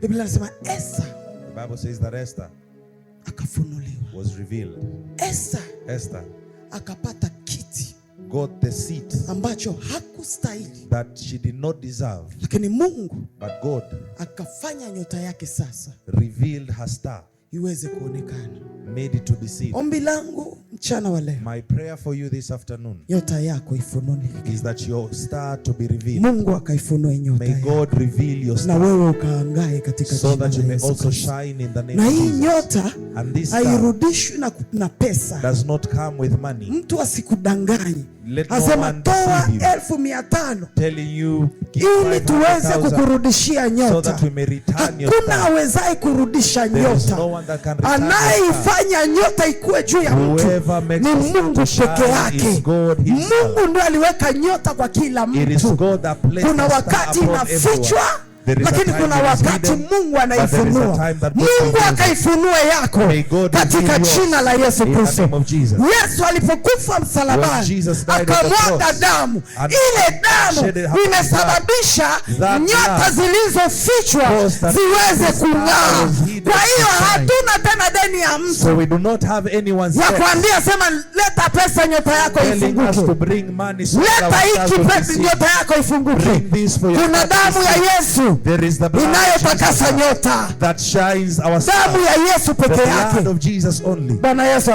Biblia inasema Esta, the Bible says that Esther akafunuliwa, was revealed. Esther, Esther akapata kiti, got the seat ambacho hakustahili, that she did not deserve, lakini Mungu, but God akafanya nyota yake sasa, revealed her star, iweze kuonekana, made it to be seen. Ombi langu mchana wa leo. My prayer for you this afternoon. Nyota yako ifunuliwe. Is that your star to be revealed. Mungu akaifunue nyota yako. May God reveal your star. Na wewe ukaangae katika jina la Yesu. So that you may also shine in the name of Jesus. Na hii nyota hairudishwi na, na pesa. Does not come with money. Mtu asikudanganye. Asema toa elfu mia tano ili tuweze kukurudishia nyota. Hakuna awezaye kurudisha nyota. Anayeifanya nyota ikuwe juu ya mtu ni Mungu peke yake. Mungu ndio aliweka nyota kwa kila mtu. Kuna wakati inafichwa lakini kuna wakati Mungu anaifunua. Mungu akaifunua yako katika jina la Yesu Kristo. Yesu alipokufa msalabani, akamwaga damu. Ile damu imesababisha nyota zilizofichwa ziweze kung'aa. Kwa hiyo hatuna ya mtu so we do not have anyone's ya kuambia sema, leta pesa nyota yako ifunguke, leta hiki nyota yako ifunguke. Kuna damu ya Yesu inayotakasa nyota, damu ya Yesu peke yake. Bwana Yesu